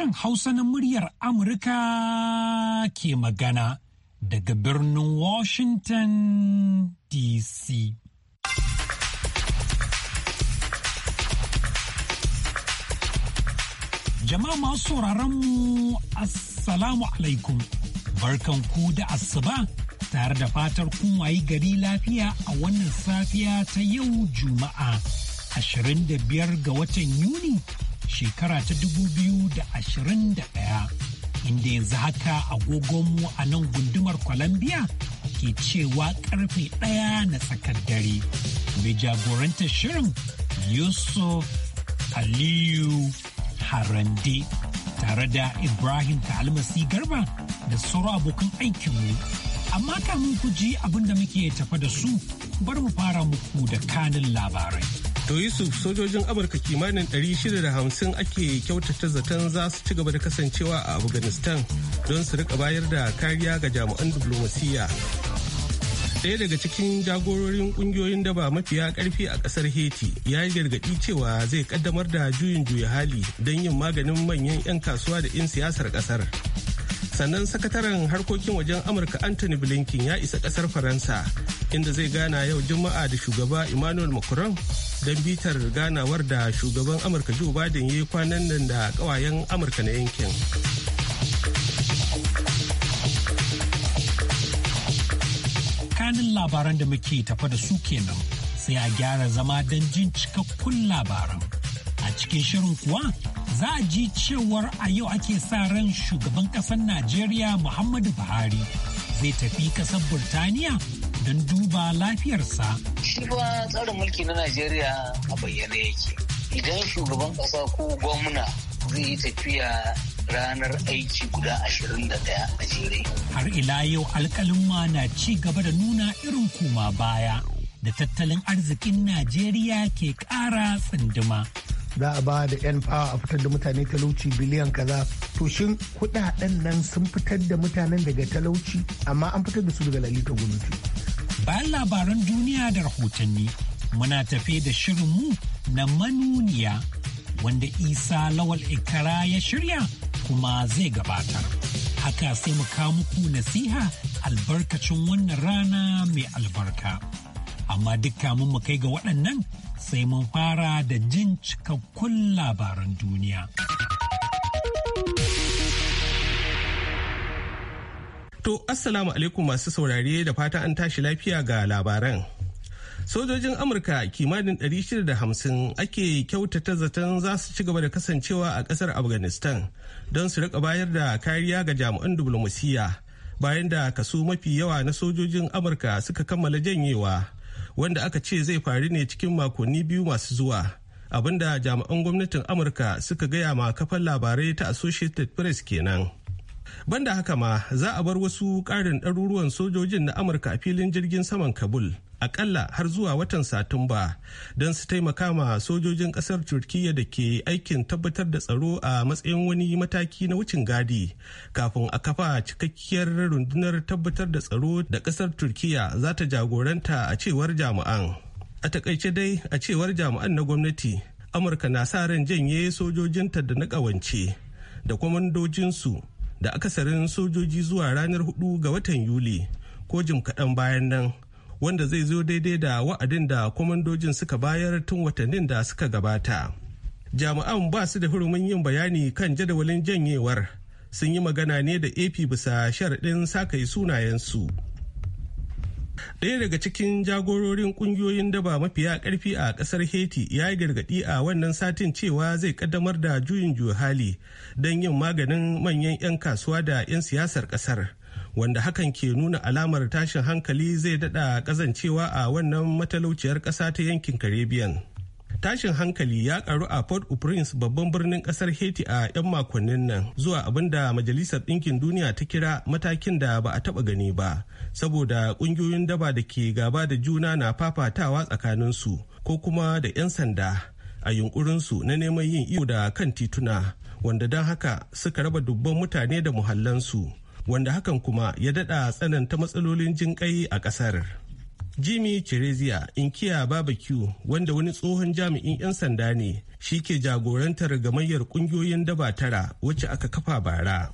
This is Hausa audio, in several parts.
sashen Hausa na muryar Amurka ke magana daga birnin Washington DC. Jama'a masu mu Assalamu alaikum, barkanku da asuba tare da fatar kun wayi gari lafiya a wannan safiya ta yau Juma'a 25 ga watan Yuni. shekara ta 2021 inda yanzu haka agogonmu a nan gundumar Colombia ke cewa karfe ɗaya na tsakar dare. Mai jagorantar shirin Yusuf Aliyu Harande tare da Ibrahim Almasi Garba da sauran abokan aikinmu. Amma kamun ku ji abin da muke tafa da su bar mu fara muku da kanin labarai. To Yusuf sojojin Amurka kimanin 650 ake kyautata zaton za su ci gaba da kasancewa a Afghanistan don su rika bayar da kariya ga jami'an diplomasiya. daya daga cikin jagororin ƙungiyoyin daba mafiya karfi a ƙasar Haiti ya yi gargaɗi cewa zai ƙaddamar da juyin juya hali don yin maganin manyan 'yan kasuwa da 'yan siyasar ƙasar. sannan sakataren harkokin wajen amurka anthony blinken ya isa kasar faransa inda zai gana yau juma'a da shugaba emmanuel macron don bitar ganawar da shugaban amurka joe biden ya yi kwanan nan da kawayen amurka na yankin kanin labaran da muke tafa da su kenan sai a gyara zama don jin cikakkun labaran a cikin shirin kuwa za a ji cewar a yau ake sa ran shugaban ƙasar najeriya muhammadu buhari zai tafi ƙasar burtaniya don duba lafiyarsa. Shi ba tsarin mulki na Najeriya a bayyane yake. Idan shugaban ƙasa ko gwamna zai yi tafiya ranar aiki guda 21 a jere. Har ila yau alkalin na ci gaba da nuna irin kuma baya da tattalin arzikin Najeriya ke ƙara tsinduma. za a ba da 'yan fawa a fitar da mutane talauci biliyan kaza to shin kudaden nan sun fitar da mutanen daga talauci amma an fitar da su daga lalita gwamnati Bayan labaran duniya da rahotanni, muna tafe da shirinmu na manuniya wanda Isa Lawal Ikara ya shirya kuma zai gabata? Haka sai mu kawo muku nasiha albarkacin wannan rana mai albarka. Amma dukka mu kai ga waɗannan sai mun fara da jin cikakkun labaran duniya. To, Assalamu alaikum masu saurare da fata an tashi lafiya ga labaran. Sojojin Amurka kimanin 650 ake kyautata zaton za su ci gaba da kasancewa a ƙasar Afghanistan don su rika bayar da kariya ga jami'an diplomasiyya bayan da kaso mafi yawa na sojojin Amurka suka kammala janyewa wanda aka ce zai faru ne cikin makonni biyu masu zuwa. abinda jami'an gwamnatin amurka suka gaya ma kafar labarai ta associated press kenan Banda haka ma za a bar wasu ƙarin ɗaruruwan sojojin na Amurka a filin jirgin saman Kabul. akalla har zuwa watan satumba don su taimaka ma sojojin ƙasar turkiyya da ke aikin tabbatar da tsaro a matsayin wani mataki na wucin gadi kafin a kafa cikakkiyar rundunar tabbatar da tsaro da ƙasar turkiyya za ta jagoranta a cewar jami'an a takaice dai a cewar jami'an na gwamnati amurka na sa ran janye sojojinta da na ƙawance da kwamandojinsu da akasarin sojoji zuwa ranar 4 ga watan Yuli ko jim kaɗan bayan nan wanda zai zo daidai da wa'adin da kwamandojin suka bayar tun watannin da suka gabata. Jami'an ba su da hurumin yin bayani kan jadawalin janyewar sun yi magana ne da AP bisa sharaɗin sakai sunayensu. Ɗaya daga cikin jagororin ƙungiyoyin daba mafiya ƙarfi a ƙasar Haiti ya yi gargaɗi a wannan satin cewa zai ƙaddamar da juyin juya hali don yin maganin manyan 'yan kasuwa da 'yan siyasar ƙasar. Wanda hakan ke nuna alamar tashin hankali zai daɗa ƙazancewa a wannan matalauciyar ƙasa ta yankin Caribbean. tashin hankali ya karu a port au prince babban birnin kasar haiti a 'yan makonnin nan zuwa abin da majalisar ɗinkin duniya ta kira matakin da ba a taba gani ba saboda ƙungiyoyin daba da ke gaba da juna na fafatawa tsakaninsu ko kuma da 'yan sanda a yunkurinsu na neman yin iyo da kan tituna wanda don haka suka raba dubban mutane da muhallansu wanda hakan kuma ya daɗa tsananta matsalolin jinƙai a ƙasar. jimmy cherezia inkiya barbecue wanda wani tsohon jami'in 'yan sanda ne shi ke jagorantar gamayyar kungiyoyin daba tara wacce aka kafa bara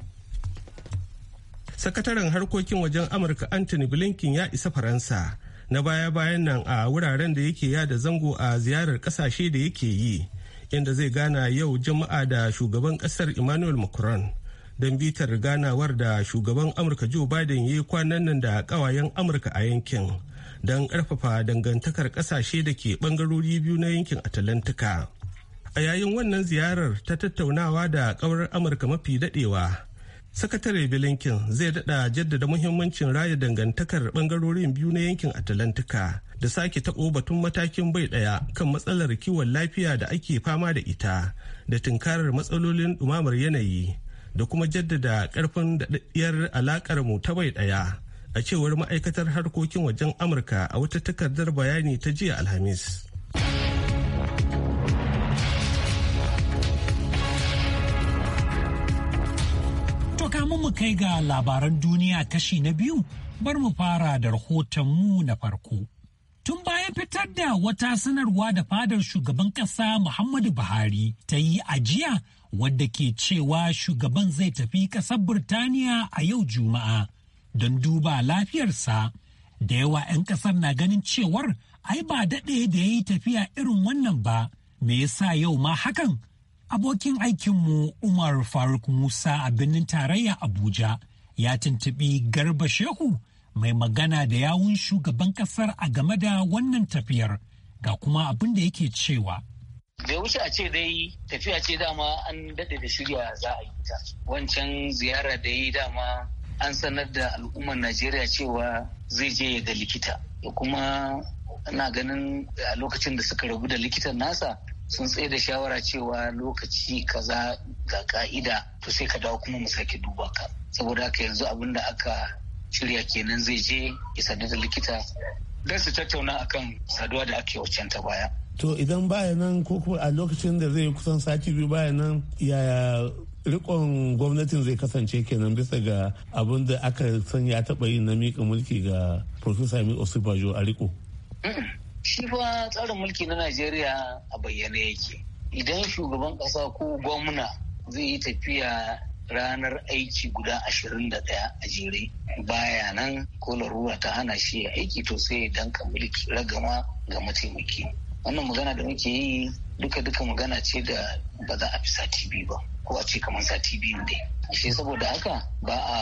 sakataren harkokin wajen amurka anthony blinken ya isa faransa na baya-bayan nan a wuraren da yake yada zango a ziyarar kasashe da yake yi inda zai gana yau jama'a da shugaban kasar emmanuel macron don bitar ganawar da shugaban amurka joe biden ya yi kwanan nan da kawayen amurka a yankin don ƙarfafa dangantakar ƙasashe da ke ɓangarori biyu na yankin Atalantika. A yayin wannan ziyarar ta tattaunawa da ƙaurar Amurka mafi daɗewa, Sakatare bilinkin zai daɗa jaddada muhimmancin raya dangantakar ɓangarorin biyu na yankin Atalantika da sake taɓo batun matakin bai ɗaya kan matsalar kiwon lafiya da ake fama da ita da tunkarar matsalolin ɗumamar yanayi da kuma jaddada ƙarfin daɗaɗɗiyar alakar mu ta bai ɗaya. a cewar ma'aikatar harkokin wajen amurka a wata takardar bayani ta jiya alhamis kamun mu kai ga labaran duniya kashi na biyu bar mu fara da rahoton mu na farko. Tun bayan fitar da wata sanarwa da fadar shugaban ƙasa Muhammadu Buhari ta yi ajiya wadda ke cewa shugaban zai tafi ƙasar Birtaniya a yau Juma'a don duba lafiyarsa da yawa 'yan kasar na ganin cewar ai ba daɗe da ya yi tafiya irin wannan ba me yasa yau ma hakan abokin aikinmu umar faruk musa a birnin tarayya abuja ya tuntuɓi garba shehu mai magana da yawun shugaban kasar a game da wannan tafiyar ga kuma abin da yake cewa bai wuce a ce dai tafiya ce dama an daɗe da shirya za a yi ta wancan ziyara da yi dama an sanar da al'ummar najeriya cewa zai je ya ga likita da kuma ina ganin a lokacin da suka rabu da likitan nasa sun tsaye da shawara cewa lokaci kaza ga ka'ida to sai ka dawo kuma mu sake duba ka saboda haka yanzu abin da aka shirya kenan zai je ya sadu da likita don su tattauna akan saduwa da ake wacan ta baya to idan baya nan ko kuma a lokacin da zai kusan sati biyu baya nan yaya rikon gwamnatin zai kasance kenan bisa ga abin da aka san ya taba yi na miƙa mulki ga Profesa Mi Osibajo a riko. Mm-hmm. Shi ba tsarin mulki na Najeriya a bayyane yake. Idan shugaban ƙasa ko gwamna zai yi tafiya ranar aiki guda ashirin da ɗaya a jere baya nan ko ta hana shi ya aiki to sai ya danka mulki ragama ga mataimaki wannan magana da muke yi duka duka magana ce da ba za a fi sati biyu ba ko a ce kamar sati biyu dai shi saboda haka ba a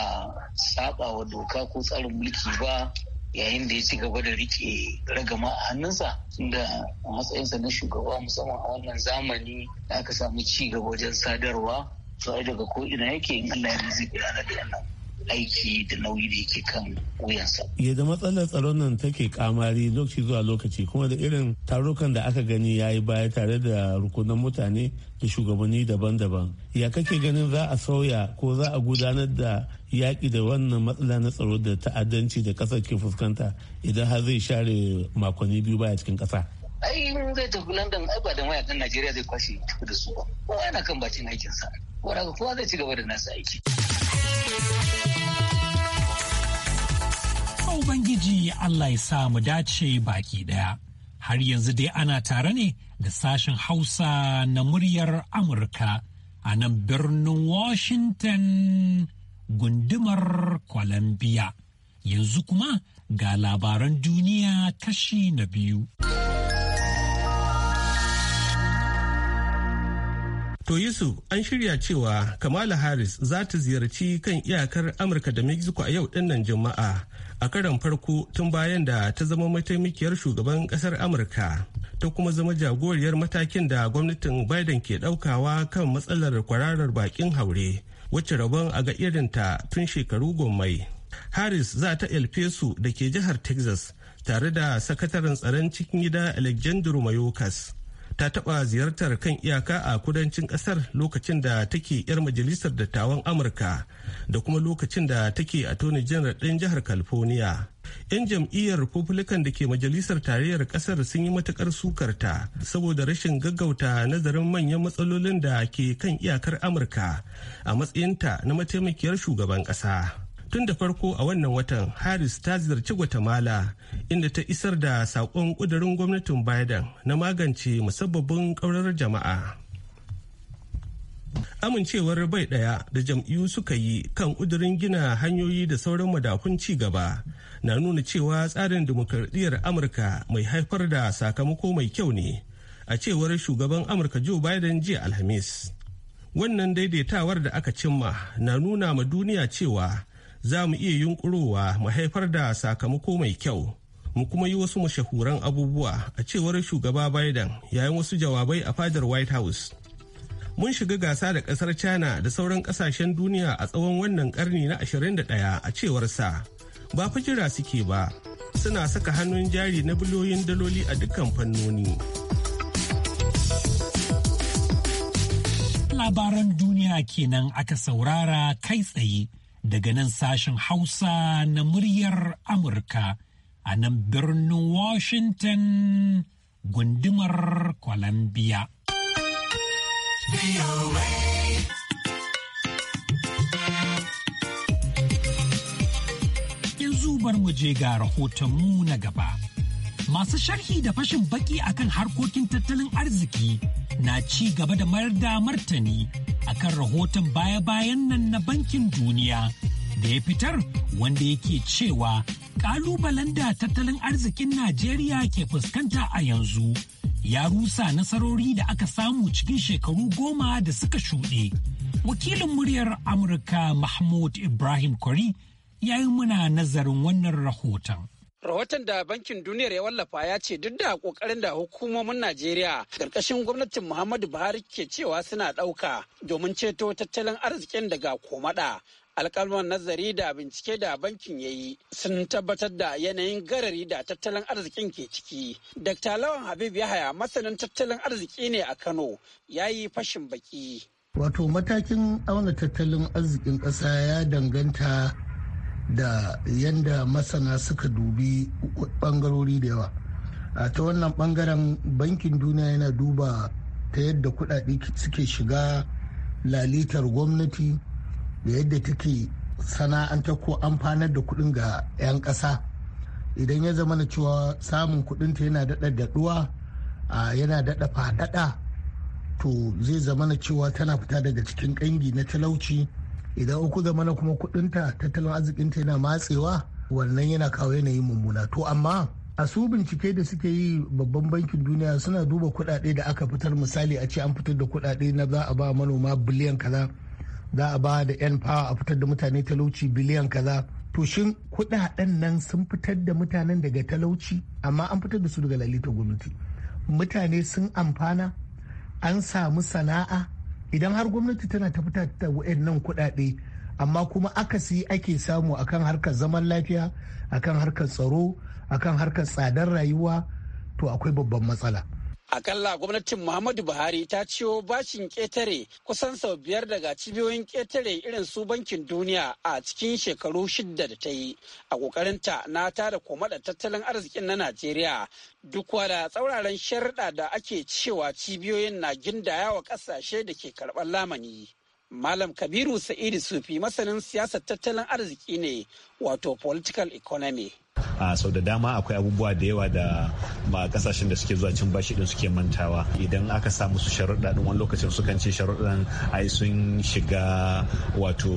saba wa doka ko tsarin mulki ba yayin da ya ci gaba da rike ragama a hannunsa da matsayinsa na shugaba musamman a wannan zamani da aka samu ci gaba wajen sadarwa to ai daga ko ina yake in Allah ya zai gudanar da wannan aiki da nauyi da yake kan wuyansa. Yadda matsalar tsaron nan take kamari lokaci zuwa lokaci kuma da irin tarukan da aka gani ya yi baya tare da rukunan mutane da shugabanni daban-daban. Ya kake ganin za a sauya ko za a gudanar da yaƙi da wannan matsala na tsaro da ta'addanci da ƙasar ke fuskanta idan har zai share makonni biyu baya cikin ƙasa. ai zai tafi london ai ba da mayakan najeriya zai kwashe tafi da su ba kowa yana kan bacin aikinsa kowa zai ci gaba da nasa aiki. Ubangiji Allah ya sa mu dace baki ɗaya. Har yanzu dai ana tare ne da sashen Hausa na muryar Amurka a nan birnin Washington gundumar Columbia. Yanzu kuma ga labaran duniya kashi na biyu. To Yusuf an shirya cewa Kamala Harris za ta ziyarci kan iyakar Amurka da Mexico a yau dinnan Juma'a a karon farko tun bayan da ta zama mataimakiyar shugaban kasar Amurka ta kuma zama jagoriyar matakin da gwamnatin Biden ke daukawa kan matsalar kwararar bakin haure wacce rabon a ga irinta tun shekaru gommai. Harris za ta El da ke jihar Texas tare da sakataren tsaron cikin gida Alexandru Mayorkas. ta taɓa ziyartar kan iyaka a kudancin ƙasar lokacin da take 'yar majalisar dattawan amurka da kuma lokacin da take a tony janar ɗin jihar california 'yan jam'iyyar republican da ke majalisar tarayyar ƙasar sun yi matukar sukarta saboda rashin gaggauta nazarin manyan matsalolin da ke kan iyakar amurka a matsayinta na mataimakiyar shugaban ƙasa. tun da farko a wannan watan harris ta ziyarci guatemala inda ta isar da saƙon ƙudurin gwamnatin biden na magance musabbabin ƙaurar jama'a amincewar bai ɗaya da jam'iyyu suka yi kan ƙudurin gina hanyoyi da sauran madafun ci gaba na nuna cewa tsarin dimokuraɗiyyar amurka mai haifar da sakamako mai kyau ne a cewar shugaban amurka joe biden jiya alhamis wannan daidaitawar da aka cimma na nuna ma duniya cewa za mu iya yunkurowa mu haifar da sakamako mai kyau mu kuma yi wasu mashahuran abubuwa a cewar shugaba biden yayin wasu jawabai a fadar white house mun shiga gasa da kasar china da sauran kasashen duniya a tsawon wannan karni na 21 a cewar sa ba jira suke ba suna saka hannun jari na biliyoyin daloli a dukkan fannoni labaran duniya kenan aka saurara kai tsaye daga nan sashen Hausa na muryar Amurka a nan birnin Washington gundumar Columbia. Yanzu bar mu je ga rahotonmu na gaba. Masu sharhi da fashin baki akan harkokin tattalin arziki na ci gaba da mayar da martani akan rahoton baya-bayan nan na bankin duniya da ya fitar wanda yake cewa kalubalen da tattalin arzikin Najeriya ke fuskanta a yanzu ya rusa nasarori da aka samu cikin shekaru goma da suka shuɗe. Wakilin muryar Amurka Mahmud Ibrahim Kwari ya yi muna nazarin wannan rahoton. Rahoton da Bankin Duniyar ya wallafa ya ce duk da kokarin da hukumomin Najeriya karkashin gwamnatin Muhammadu Buhari ke cewa suna ɗauka domin ceto tattalin arzikin daga komada. alkalman nazari da bincike da bankin ya yi sun tabbatar da yanayin garari da tattalin arzikin ke ciki. Dr. Lawan Habib Yahaya masanin tattalin arziki ne a Kano ya yi fashin baki. Wato matakin auna tattalin arzikin ƙasa ya danganta da yadda masana suka dubi bangarori da yawa a ta wannan bangaren bankin duniya yana duba ta yadda kudade suke shiga lalitar gwamnati da yadda take sana'anta ko amfanar da kudin ga 'yan ƙasa idan ya zama na cewa samun kudinta yana daɗa daɗuwa yana daɗa faɗaɗa to zai zama na cewa tana fita daga cikin ƙangi na talauci idan uku zama na kuma kudinta tattalin arzikinta yana matsewa wannan yana kawo yanayin mummuna to amma a su bincike da suke yi babban bankin duniya suna duba kudade da aka fitar misali a ce an fitar da kudade na za a ba manoma biliyan kaza za a ba da yan power a fitar da mutane talauci biliyan kaza to shin kudaden nan sun fitar da mutanen daga talauci amma an fitar da su daga lalita gwamnati mutane sun amfana an samu sana'a idan har gwamnati tana ta fita da nan kuɗaɗe amma kuma akasi ake samu akan harkar zaman lafiya akan harkar tsaro akan harkar tsadar rayuwa to akwai babban matsala Akalla gwamnatin Muhammadu Buhari ta ciwo bashin ƙetare kusan sau biyar daga cibiyoyin ƙetare irin su bankin duniya a cikin shekaru shidda da ta yi a ƙoƙarinta na tada da tattalin arzikin na Najeriya duk da tsauraran sharda da ake cewa cibiyoyin na gindaya wa ƙasashe da ke karɓar lamani. Malam Kabiru Sa'idu Sufi masanin siyasar tattalin arziki ne wato political economy. a sau da dama akwai abubuwa da yawa da ba kasashen da suke zuwa cin bashi din suke mantawa idan aka sa musu sharuɗa din wani lokacin sukan ce sharuɗan ai sun shiga wato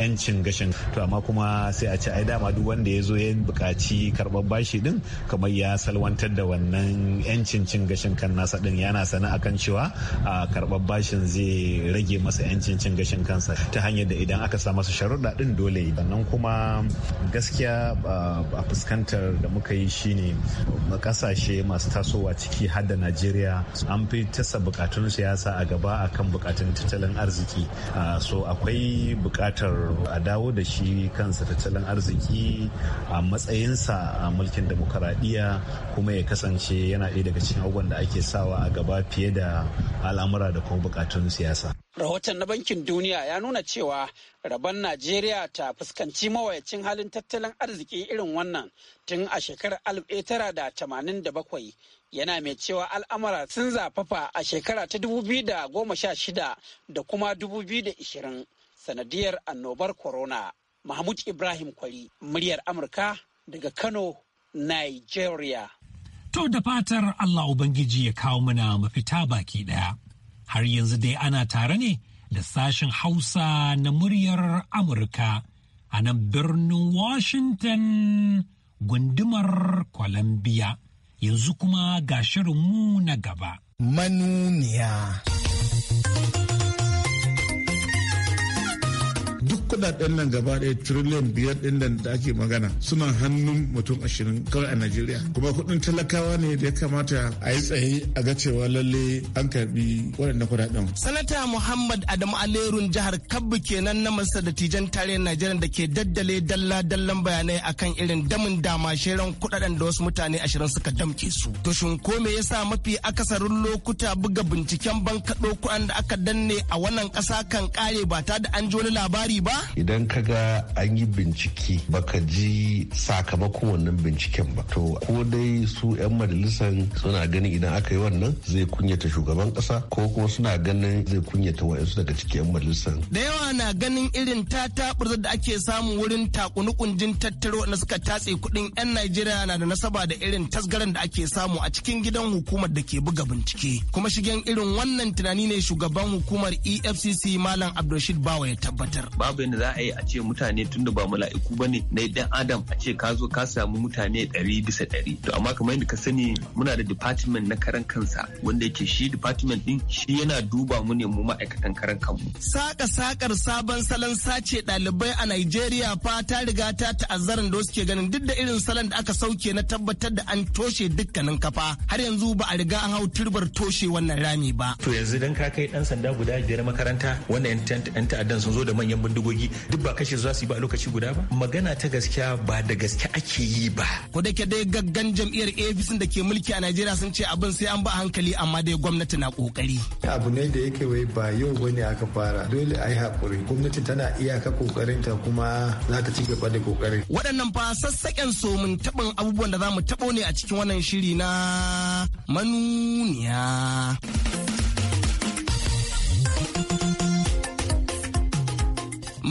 yancin gashin to amma kuma sai a ce ai dama duk wanda ya zo ya buƙaci karɓar bashi din kamar ya salwantar da wannan yancin cin gashin kan nasa din yana sana kan cewa a karɓar bashin zai rage masa yancin cin gashin kansa ta hanyar da idan aka sa masa sharuɗa din dole nan kuma gaskiya a fuskanta. fuskantar da muka yi shine kasashe masu tasowa ciki har da najeriya an fi tasa bukatun siyasa a gaba akan bukatun tattalin arziki ah, so akwai bukatar a dawo da shi kansa tattalin arziki a matsayinsa a mulkin demokaradiyya kuma ya kasance yana ɗaya daga cikin abubuwan da ake sawa a gaba fiye da al'amura da kuma bukatun siyasa rahoton na bankin duniya ya nuna cewa rabon najeriya ta fuskanci mawayacin halin tattalin arziki irin wannan tun a shekarar 1987 yana mai cewa al'amura sun zafafa a shekara ta 2016 da kuma 2020 sanadiyar annobar corona mahmud ibrahim kwari muryar amurka daga kano nigeria to da fatar allah ubangiji ya kawo mana mafita baki ɗaya. har yanzu dai ana tare ne da sashen Hausa na muryar Amurka a nan birnin Washington gundumar Columbia. Yanzu kuma ga shirinmu na gaba. Manuniya. kudaden nan gaba ɗaya trillion biyar ɗin nan da ake magana suna hannun mutum ashirin kawai a najeriya kuma kudin talakawa ne da ya kamata a yi tsaye a ga cewa lalle an karbi waɗannan kudaden sanata muhammad adamu alerun jihar kabbu kenan na masa da tijan tarihin najeriya da ke daddale dalla dallan bayanai akan irin damin dama shirin kudaden da wasu mutane ashirin suka damke su to shin ko me yasa mafi akasarin lokuta buga binciken bankaɗo kuɗan da aka danne a wannan ƙasa kan kare ba ta da an ji wani labari ba Idan ka ga an yi bincike baka ji sakamakon wannan binciken ba. To ko dai su 'yan majalisar suna ganin idan aka yi wannan zai kunyata shugaban kasa ko kuma suna ganin zai kunyata wa'yansu daga cikin 'yan majalisar. Da yawa na ganin irin ta da ake samu wurin jin tattaro na suka tatse kuɗin 'yan Najeriya na da nasaba da irin tasgaran da ake samu a cikin gidan hukumar da ke buga bincike. Kuma shigen irin wannan tunani ne shugaban hukumar EFCC Malam Abdulrashid Bawa ya tabbatar. Babu da za a yi a ce mutane tun da ba mala'iku ba ne na dan adam a ce ka zo ka samu mutane ɗari bisa ɗari to amma kamar yadda ka sani muna da department na karan kansa wanda yake shi department din shi yana duba mu ne mu ma'aikatan karan kanmu. Saka sakar sabon salon sace ɗalibai a nigeria fa ta riga ta ta'azzara da suke ganin duk da irin salon da aka sauke na tabbatar da an toshe dukkanin kafa har yanzu ba a riga an hau turbar toshe wannan rami ba. To yanzu dan ka kai dan sanda guda biyar makaranta wannan 'yan ta'addan sun zo da manyan bindigo bindigogi duk ba kashe za su yi ba lokaci guda ba magana ta gaskiya ba da gaske ake yi ba ko da ke dai gaggan jam'iyyar APC da ke mulki a Najeriya sun ce abin sai an ba hankali amma dai gwamnati na kokari abu ne da yake wai ba yau bane aka fara dole a yi hakuri gwamnati tana iyaka ta kuma za ta ci gaba da kokari waɗannan fa sassaƙen so mun taɓin abubuwan da za mu taɓo ne a cikin wannan shiri na manuniya.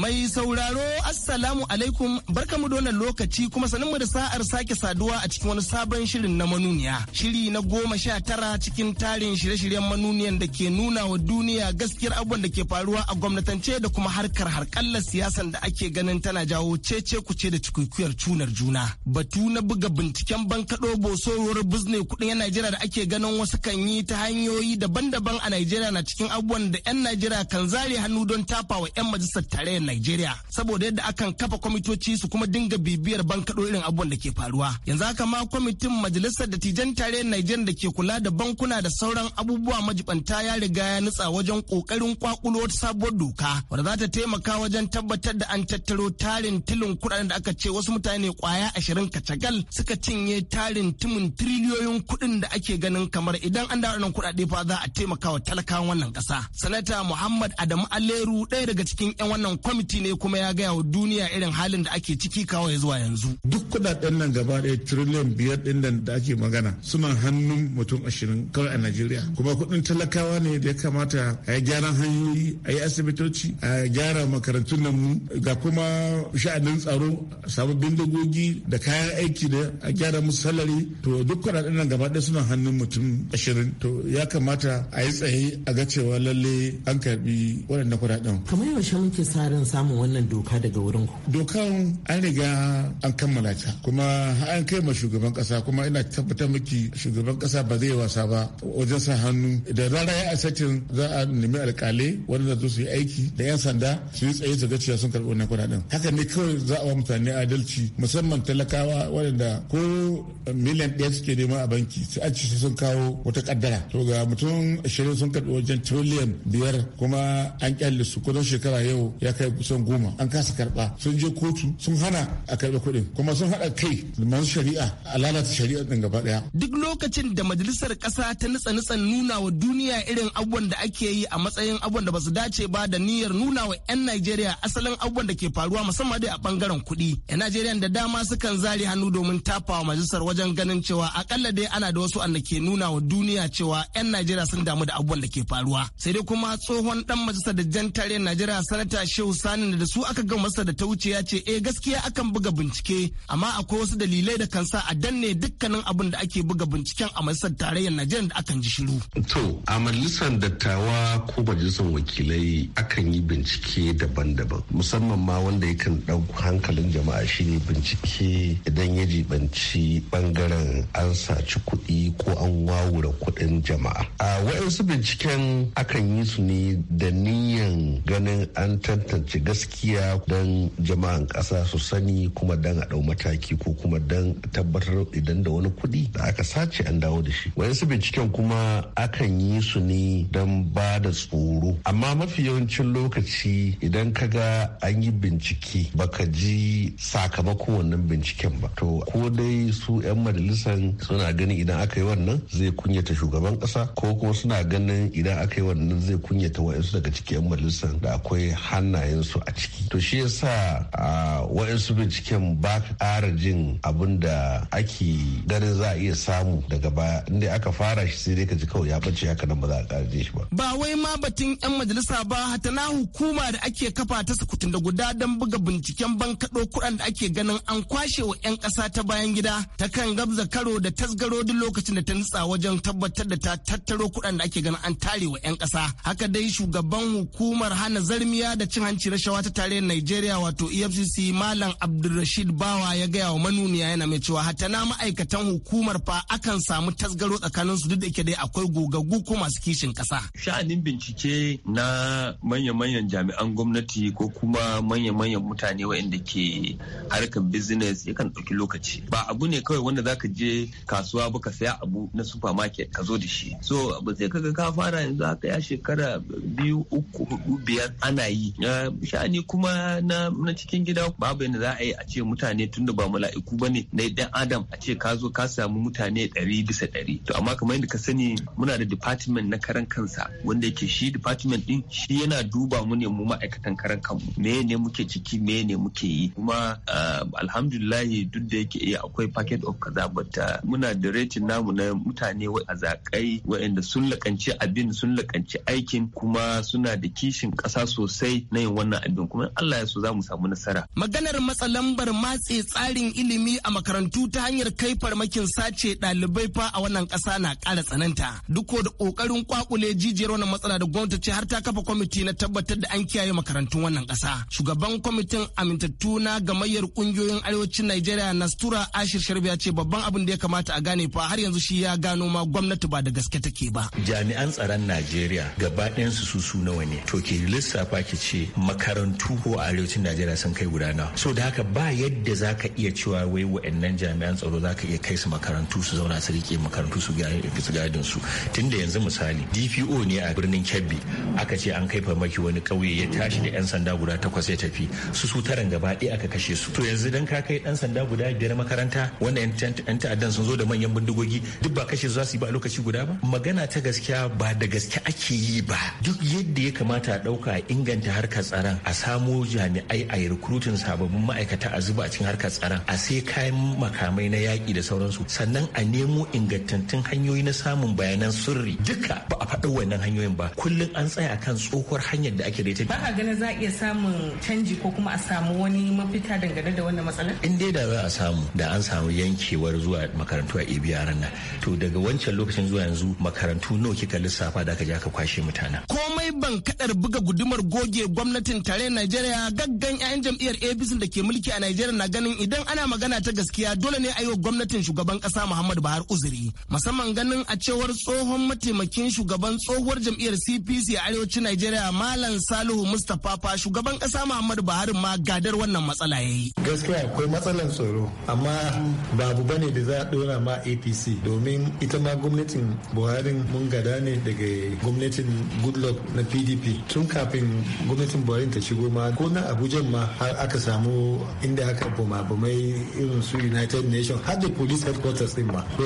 Mai sauraro Assalamu alaikum barkamu da wannan lokaci kuma sanin da sa'ar sake saduwa a cikin wani sabon shirin na manuniya. Shiri na goma sha tara cikin tarin shirye-shiryen manuniyan da ke nuna wa duniya gaskiyar abubuwan da ke faruwa a gwamnatance da kuma harkar harkallar siyasan da ake ganin tana jawo cece kuce da cikikiyar cunar juna. Batu na buga binciken bankaɗo bosorowar bizne kuɗin 'yan Najeriya da ake ganin wasu kan yi ta hanyoyi daban-daban a Najeriya na cikin abubuwan da 'yan Najeriya kan zare hannu don tafawa 'yan majalisar tarayyar Najeriya saboda yadda akan kafa kwamitoci su kuma dinga bibiyar bankaɗo irin abubuwan da ke faruwa. Yanzu haka ma kwamitin majalisar dattijan tarayyar Najeriya da ke kula da bankuna da sauran abubuwa majibanta ya riga ya nutsa wajen kokarin kwakulo wata sabuwar doka wadda za ta taimaka wajen tabbatar da an tattaro tarin tilin kuɗaɗen da aka ce wasu mutane kwaya ashirin kacagal suka cinye tarin timin tiriliyoyin kuɗin da ake ganin kamar idan an dawo nan kuɗaɗe fa za a taimaka wa talakawan wannan ƙasa. Sanata Muhammad Adamu Aleru ɗaya daga cikin 'yan wannan kwamitin kwamiti ne kuma ya gaya wa duniya irin halin da ake ciki kawai zuwa yanzu duk kudaden nan gaba ɗaya tiriliyan biyar ɗin nan da ake magana suna hannun mutum ashirin kawai a najeriya kuma kuɗin talakawa ne da ya kamata a yi gyaran hanyoyi a yi asibitoci a gyara makarantun nan mu ga kuma sha'anin tsaro samu bindigogi da kayan aiki da a gyara musu salari to duk kudaden nan gaba ɗaya suna hannun mutum ashirin to ya kamata a yi tsaye a ga cewa lalle an karbi waɗannan kudaden kamar yaushe muke sa ran samun wannan doka daga wurin ku dokan an riga an kammala ta kuma an kai ma shugaban kasa kuma ina tabbatar miki shugaban kasa ba zai wasa ba wajen sa hannu da rana ya asatin za a nemi alkalai wanda za su yi aiki da yan sanda su yi tsaye su ga cewa sun karɓi wannan kuɗaɗen haka ne kawai za a wa mutane adalci musamman talakawa waɗanda ko miliyan ɗaya suke nema a banki su an ci sun kawo wata kaddara to ga mutum ashirin sun karɓi wajen tiriliyan biyar kuma an kyalle su kudin shekara yau ya kai kusan goma an kasa karba sun je kotu sun hana a karɓi kuɗin kuma sun haɗa kai masu shari'a a lalata shari'a in gaba daya Duk lokacin da majalisar kasa ta nitsa nitsa nuna wa duniya irin abubuwan da ake yi a matsayin abubuwan da basu dace ba da niyyar nuna wa 'yan Najeriya asalin abubuwan da ke faruwa musamman dai a bangaren kuɗi. 'Yan Najeriya da dama sukan zare hannu domin tafawa majalisar wajen ganin cewa akalla dai ana da wasu anda ke nuna wa duniya cewa 'yan Najeriya sun damu da abubuwan da ke faruwa. Sai dai kuma tsohon dan majalisar da jan tarayyar Najeriya sanata Shehu Sani da su aka ga masa da ta wuce ya ce eh gaskiya akan buga bincike amma akwai wasu dalilai da kansa a danne dukkanin abin da ake buga binciken a majalisar tarayyar Najeriya da akan ji shiru. To a majalisar dattawa ko majalisar wakilai akan yi bincike daban-daban musamman ma wanda yakan ɗauki hankalin jama'a shine bincike idan ya jibanci bangaren an saci kuɗi ko an wawura kuɗin jama'a. A wayansu binciken akan yi su ne da niyan ganin an tantance fayyace gaskiya don jama'an kasa su sani kuma don a ɗau mataki ko kuma don tabbatar idan da wani kuɗi da aka sace an dawo da shi wayansu binciken kuma akan yi su ne don ba da tsoro amma mafi yawancin lokaci idan ka ga an yi bincike baka ji sakamakon wannan binciken ba to ko dai su 'yan majalisan suna ganin idan aka yi wannan zai kunyata shugaban ƙasa ko kuma suna ganin idan aka yi wannan zai kunyata wayansu daga cikin 'yan majalisan da akwai hannayen su a ciki to shi yasa a waɗansu binciken ba ƙara jin abin da ake ganin za a iya samu daga baya inda aka fara shi sai dai ka ji kawai ya bace haka nan ba za a ƙara shi ba ba wai ma batun yan majalisa ba na hukuma da ake kafa ta sukutun da guda don buga binciken ban kaɗo kuɗan da ake ganin an kwashe wa 'yan ƙasa ta bayan gida ta kan gabza karo da tasgaro duk lokacin da ta nutsa wajen tabbatar da ta tattaro kuɗan da ake ganin an tare wa 'yan ƙasa haka dai shugaban hukumar hana zarmiya da cin hanci rashawa ta tarayyar Najeriya wato EFCC Malam Abdulrashid Bawa ya gaya wa manuniya yana mai cewa hatta na ma'aikatan hukumar fa akan samu tasgaro tsakanin su duk da ke dai akwai gogaggu ko masu kishin kasa. Sha'anin bincike na manya-manyan jami'an gwamnati ko kuma manya-manyan mutane waɗanda ke harkar business yakan ɗauki lokaci. Ba abu ne kawai wanda zaka je kasuwa ba ka saya abu na supermarket ka zo da shi. So ba sai kaga ka fara yanzu haka ya shekara biyu uku hudu biyar ana yi. sha'ani kuma na, cikin gida babu yadda za a yi a ce mutane tun da ba mala'iku ba ne na dan adam a ce ka zo ka samu mutane ɗari bisa ɗari to amma kamar yadda ka sani muna da department na karan kansa wanda yake shi department din shi yana duba mu ne mu ma'aikatan karan kanmu me ne muke ciki me ne muke yi kuma ah, alhamdulillahi duk da yake eh, akwai packet of kaza bata ah, muna da rating namu na mutane a zakai waɗanda sun lakanci abin sun lakanci aikin kuma suna da kishin ƙasa sosai na yin wannan abin kuma Allah ya so za mu samu nasara. Maganar matsalar lambar matse tsarin ilimi a makarantu ta hanyar kai farmakin sace ɗalibai fa a wannan ƙasa na ƙara tsananta. Duk da ƙoƙarin kwakule jijiyar wannan matsala da gwamnati ce har ta kafa kwamiti na tabbatar da an kiyaye makarantun wannan kasa. Shugaban kwamitin amintattu na gamayyar ƙungiyoyin arewacin Najeriya Nastura Ashir Sharbi ya ce babban abin da ya kamata a gane fa har yanzu shi ya gano ma gwamnati ba da gaske take ba. Jami'an tsaron Najeriya gaba ɗayansu su su nawa ne. To ke lissafa ki ce makarantu ko a arewacin najeriya sun kai guda nawa so da haka ba yadda za ka iya cewa wai wa'annan jami'an tsaro za ka iya kai su makarantu su zauna su rike makarantu su gadin su tunda yanzu misali dpo ne a birnin kebbi aka ce an kai farmaki wani kauye ya tashi da 'yan sanda guda takwas ya tafi su su taran gaba ɗaya aka kashe su to yanzu dan ka kai ɗan sanda guda biyar makaranta wanda 'yan ta'addan sun zo da manyan bindigogi duk ba kashe su za su yi ba a lokaci guda ba magana ta gaskiya ba da gaske ake yi ba duk yadda ya kamata a ɗauka a inganta harkar tsara tsaron a samo jami'ai a yi rikrutin sababbin ma'aikata a zuba a cikin harkar tsaron a sai kayan makamai na yaƙi da sauransu sannan a nemo ingantattun hanyoyi na samun bayanan sirri duka ba a faɗi wannan hanyoyin ba kullum an tsaya kan tsohuwar hanyar da ake da ita ba a ganin za a iya samun canji ko kuma a samu wani mafita dangane da wannan matsalar in dai da za a samu da an samu yankewar zuwa makarantu a ibi yaran nan to daga wancan lokacin zuwa yanzu makarantu nawa kika lissafa da aka je aka kwashe mutanen komai ban kadar buga gudumar goge gwamnati gwamnatin tare Najeriya gaggan 'ya'yan jam'iyyar APC da ke mulki a Najeriya na ganin idan ana magana ta gaskiya dole ne a yi wa gwamnatin shugaban kasa Muhammadu Buhari uzuri. Musamman ganin a cewar tsohon mataimakin shugaban tsohuwar jam'iyyar CPC a arewacin Najeriya Malam Salihu Mustapha fa shugaban kasa Muhammadu Buhari ma gadar wannan matsala yayi. Gaskiya akwai matsalan tsoro amma babu bane da za a dora ma APC domin ita ma gwamnatin Buhari mun gada ne daga gwamnatin Goodluck na PDP tun kafin gwamnatin Buhari kamar ta shigo ma ko na abuja ma har aka samu inda aka bama bamai irin su united nation har da police headquarters din ma so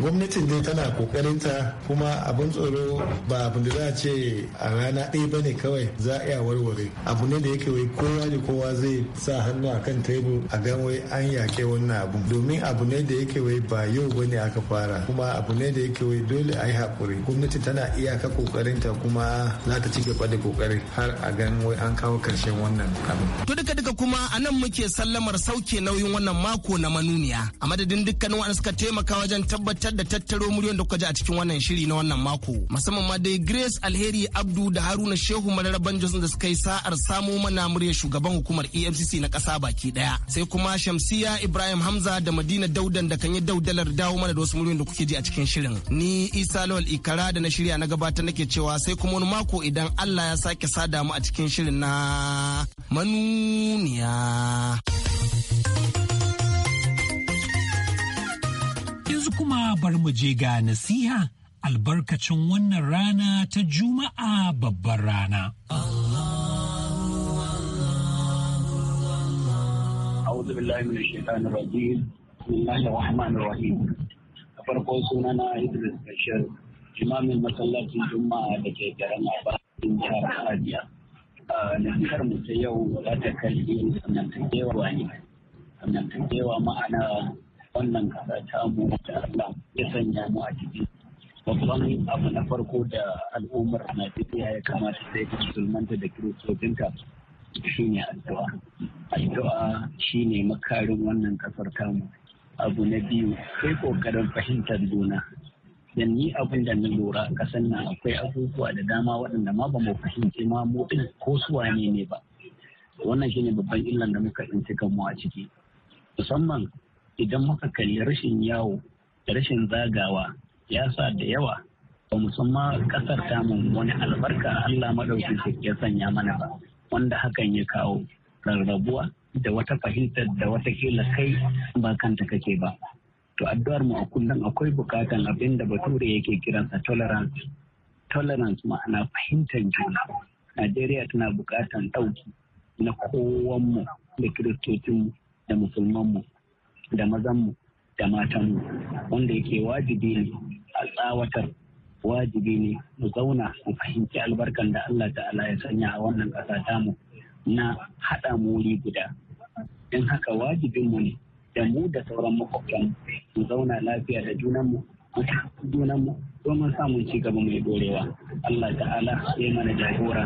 gwamnatin dai tana kokarin ta kuma abun tsoro ba abin da za a ce a rana ɗaya ba ne kawai za a iya warware abu ne da yake wai kowa da kowa zai sa hannu a kan tebur a gan wai an yaƙe wannan abu domin abu ne da yake wai ba yau ba ne aka fara kuma abu ne da yake wai dole a yi haƙuri gwamnati tana iyaka kokarin ta kuma za ta ci gaba da kokari har a gan wai an an kawo karshen wannan abin. To duka duka kuma a nan muke sallamar sauke nauyin wannan mako na manuniya a madadin dukkanin waɗanda suka taimaka wajen tabbatar da tattaro miliyon da kuka ji a cikin wannan shiri na wannan mako musamman ma dai Grace Alheri Abdu da Haruna Shehu Madaraban Jos da suka yi sa'ar samo mana muryar shugaban hukumar EFCC na ƙasa baki ɗaya sai kuma Shamsiya Ibrahim Hamza da Madina Daudan da kan yi daudalar dawo mana da wasu miliyon da kuke ji a cikin shirin ni Isa Lawal Ikara da na shirya na gabatar nake cewa sai kuma wani mako idan Allah ya sake sada mu a cikin shirin na manuniya. Yanzu kuma bar mu je ga nasiha albarkacin wannan rana ta Juma'a babbar rana. أعوذ بالله من farko sunana Idris Bashir imamin masallacin Juma'a da ke garin Abba jihar nakar mu ta yau za ta kalli kewa ne kewa ma'ana wannan kasa ta mu da Allah ya sanya mu a ciki babban abu na farko da al'ummar Najeriya ya kamata sai ta musulmanta da kiristocinta shine addu'a addu'a shine makarin wannan kasar tamu abu na biyu sai kokarin fahimtar juna da ni abin da na lura kasan nan akwai abubuwa da dama waɗanda ma ba mu fahimci ma mu ko su wane ne ba wannan shine babban illan da muka tsinci kanmu a ciki musamman idan muka kalli rashin yawo da rashin zagawa ya sa da yawa ba mu ƙasar ta kasar tamu wani albarka Allah madaukakin ya sanya mana ba wanda hakan ya kawo rarrabuwa da wata fahimtar da wata kila kai ba kanta kake ba to addu'ar mu a kullum akwai bukatan abin da bature yake kiransa tolerance tolerance ma'ana fahimtar juna najeriya tana bukatan ɗauki na kowanmu da kiristocinmu da musulman mu da mazanmu da matan matanmu wanda yake wajibi ne a tsawatar wajibi ne mu zauna mu fahimci albarkan da allah ta'ala ya sanya a wannan ƙasa tamu na haɗa mu guda In haka wajibinmu ne da mu da sauran makwabtan mu zauna lafiya da junanmu junanmu domin samun ci gaba mai dorewa Allah ta'ala ya mana jagora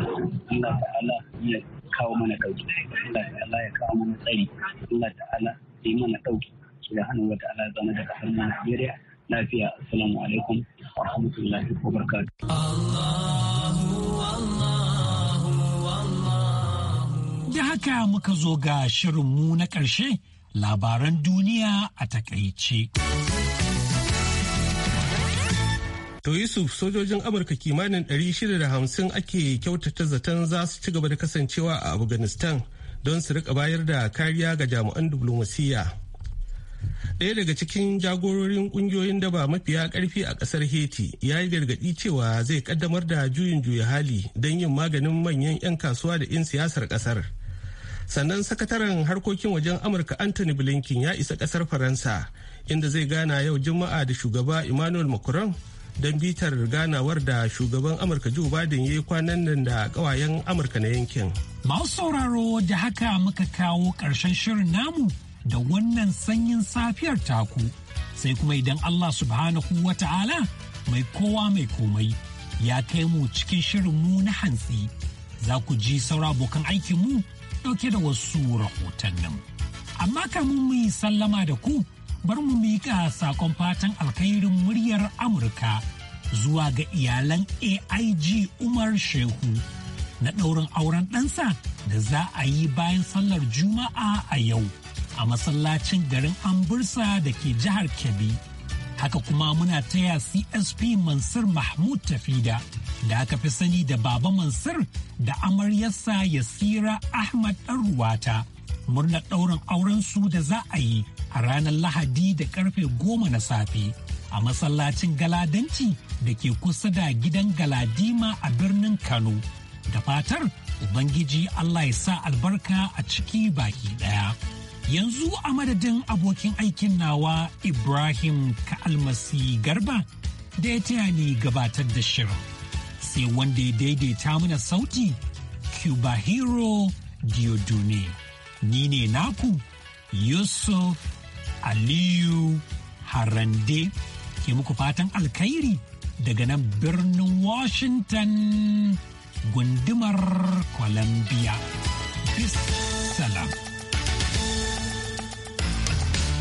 Allah ta'ala ya kawo mana kauki Allah ta'ala ya kawo mana tsari Allah ta'ala ya mana dauki subhanahu wa ta'ala zama da kasar Nigeria lafiya assalamu alaikum wa rahmatullahi wa barakatuh Da haka muka zo ga shirinmu na ƙarshe labaran duniya a takaice. To Yusuf sojojin Amurka kimanin 650 ake kyautata zaton za su ci gaba da kasancewa a Afghanistan don su rika bayar da kariya ga jami'an diplomasiya. Ɗaya daga cikin jagororin ƙungiyoyin ba mafiya ƙarfi a ƙasar Haiti ya yi gargaɗi cewa zai ƙaddamar da juyin juya hali don yin maganin manyan 'yan kasuwa da 'yan siyasar ƙasar. sannan sakataren harkokin wajen amurka anthony blinken ya isa kasar faransa inda zai gana yau juma'a da shugaba emmanuel macron don bitar ganawar da shugaban amurka joe biden ya yi kwanan nan da kawayen amurka na yankin masu sauraro da haka muka kawo ƙarshen shirin namu da wannan sanyin safiyar taku sai kuma idan allah subhanahu wa ta'ala mai kowa mai komai ya kai mu cikin shirin mu na hantsi za ku ji saura abokan aikin mu ɗauke da wasu rahotannin. Amma kamun mu yi sallama da ku bar mu miƙa saƙon fatan alkhairin muryar Amurka zuwa ga iyalan AIG Umar Shehu na ɗaurin auren ɗansa da za a yi bayan sallar Juma'a a yau a masallacin garin Ambursa da ke jihar Kebbi. Haka kuma muna taya CSP Mansur Mahmud Tafida. da aka fi sani da Baba Mansur da amaryarsa Yasira Ahmad ɗanruwata. Murnar ɗaurin auren su da za a yi a ranar Lahadi da karfe goma na safe a masallacin Galadanci da ke kusa da gidan Galadima a birnin Kano. Da fatar Ubangiji Allah ya sa albarka a ciki baki ɗaya. Yanzu a madadin abokin aikin nawa Ibrahim Ka'almasi Garba da ya taya ni gabatar da shirin. sai wanda ya daidaita mana sauti Cuba Hero Diodune. Ni ne naku Yusuf Aliyu Harande ke muku fatan alkhairi daga nan birnin Washington gundumar Columbia. Peace. Salam.